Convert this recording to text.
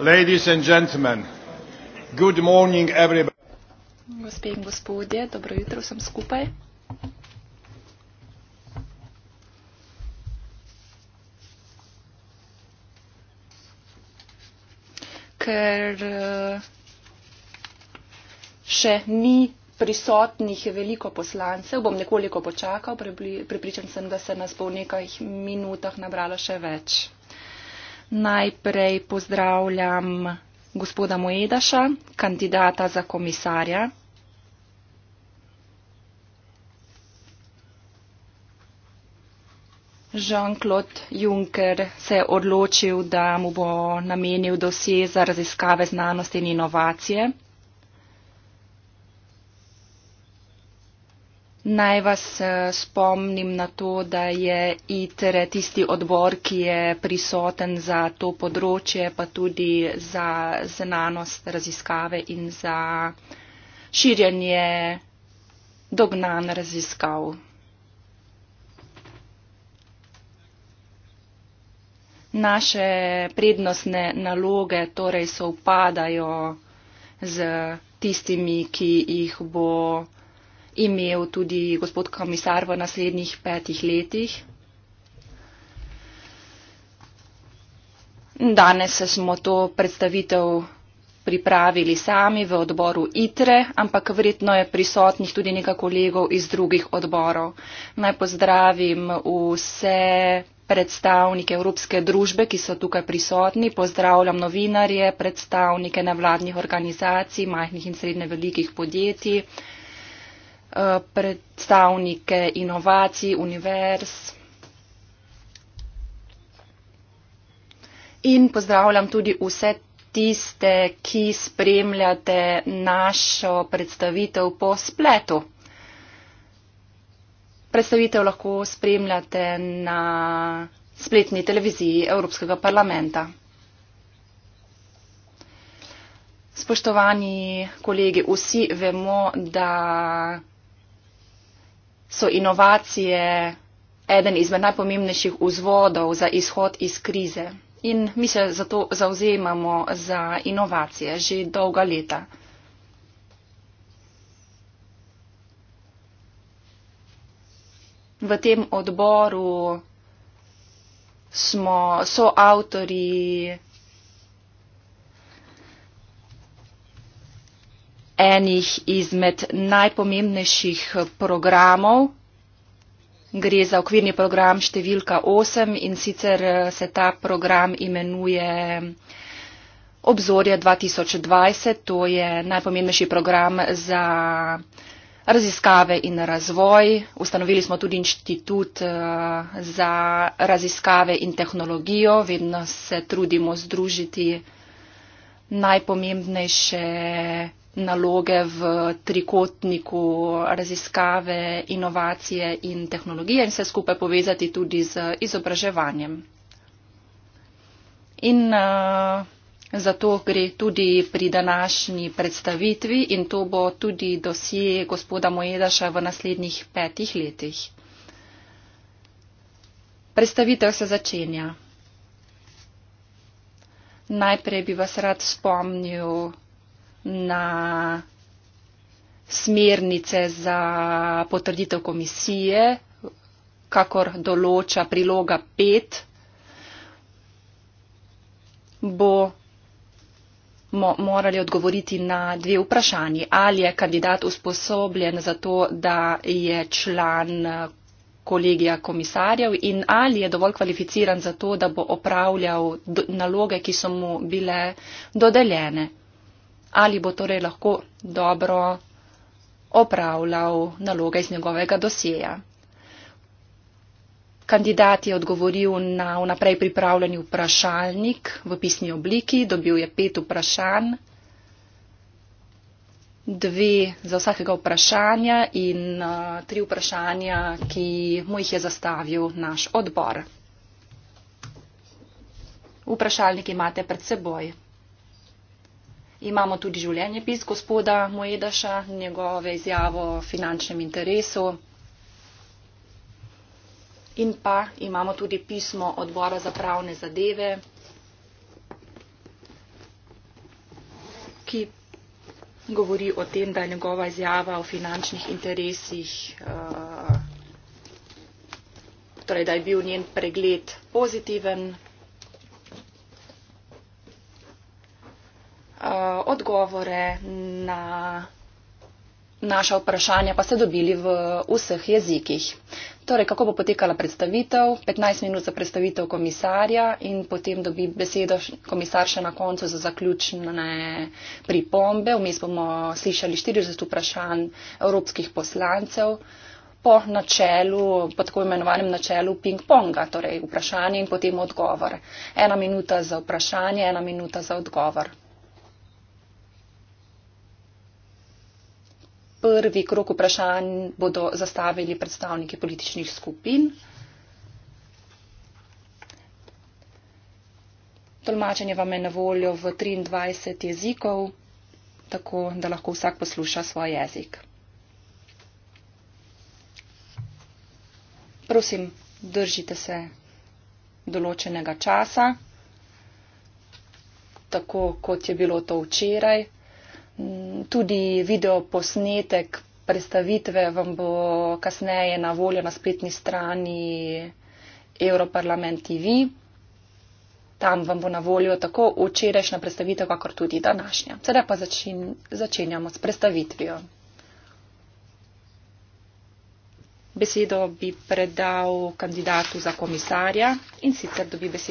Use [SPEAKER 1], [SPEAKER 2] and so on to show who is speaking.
[SPEAKER 1] Ladies and gentlemen, good morning everybody. Gospe in gospodje, dobro jutro vsem skupaj. Ker eh, še ni prisotnih veliko poslancev, bom nekoliko počakal, prepričan sem, da se nas bo v nekaj minutah nabralo še več. Najprej pozdravljam gospoda Moedaša, kandidata za komisarja. Jean-Claude Juncker se je odločil, da mu bo namenil dosje za raziskave znanosti in inovacije. Naj vas eh, spomnim na to, da je ITRE tisti odbor, ki je prisoten za to področje, pa tudi za znanost, raziskave in za širjanje dognan raziskav. Naše prednostne naloge torej se upadajo z tistimi, ki jih bo imel tudi gospod komisar v naslednjih petih letih. Danes smo to predstavitev pripravili sami v odboru ITRE, ampak verjetno je prisotnih tudi nekaj kolegov iz drugih odborov. Naj pozdravim vse predstavnike Evropske družbe, ki so tukaj prisotni. Pozdravljam novinarje, predstavnike nevladnih organizacij, majhnih in srednje velikih podjetij. Eh, predstavnike inovacij, univerz. In pozdravljam tudi vse tiste, ki spremljate našo predstavitev po spletu. Predstavitev lahko spremljate na spletni televiziji Evropskega parlamenta. Spoštovani kolegi, vsi vemo, da so inovacije eden izmed najpomembnejših vzvodov za izhod iz krize. In mi se zato zauzemamo za inovacije že dolga leta. V tem odboru smo soavtori enih izmed najpomembnejših programov. Gre za okvirni program številka 8 in sicer eh, se ta program imenuje Obzorje 2020. To je najpomembnejši program za raziskave in razvoj. Ustanovili smo tudi inštitut eh, za raziskave in tehnologijo. Vedno se trudimo združiti najpomembnejše naloge v trikotniku raziskave, inovacije in tehnologije in se skupaj povezati tudi z izobraževanjem. In uh, zato gre tudi pri današnji predstavitvi in to bo tudi dosije gospoda Mojedaša v naslednjih petih letih. Predstavitev se začenja. Najprej bi vas rad spomnil na smernice za potrditev komisije, kakor določa priloga 5, bo mo morali odgovoriti na dve vprašanji. Ali je kandidat usposobljen za to, da je član kolegija komisarjev in ali je dovolj kvalificiran za to, da bo opravljal naloge, ki so mu bile dodeljene ali bo torej lahko dobro opravljal naloge iz njegovega dosjeja. Kandidat je odgovoril na vnaprej pripravljeni vprašalnik v pisni obliki, dobil je pet vprašanj, dve za vsakega vprašanja in uh, tri vprašanja, ki mu jih je zastavil naš odbor. Vprašalnik imate pred seboj. Imamo tudi življenjepis gospoda Moedaša, njegove izjavo o finančnem interesu. In pa imamo tudi pismo odbora za pravne zadeve, ki govori o tem, da je njegova izjava o finančnih interesih, eh, torej da je bil njen pregled pozitiven, Eh, odgovore na naša vprašanja pa ste dobili v vseh jezikih. Torej, kako bo potekala predstavitev? 15 minut za predstavitev komisarja in potem dobi besedo komisar še na koncu za zaključne pripombe. Vmes bomo slišali 40 vprašanj evropskih poslancev po načelu, po tako imenovanem načelu ping-ponga, torej vprašanje in potem odgovor. Ena minuta za vprašanje, ena minuta za odgovor. prvi krok vprašanj bodo zastavili predstavniki političnih skupin. Tolmačenje vam je na voljo v 23 jezikov, tako da lahko vsak posluša svoj jezik. Prosim, držite se določenega časa, tako kot je bilo to včeraj tudi videoposnetek predstavitve vam bo kasneje na voljo na spletni strani Europarlament TV. Tam vam bo na voljo tako včerajšnja predstavitev, kakor tudi današnja. Sedaj pa začin, začenjamo s predstavitvijo. Besedo bi predal kandidatu za komisarja in sicer dobi besedo.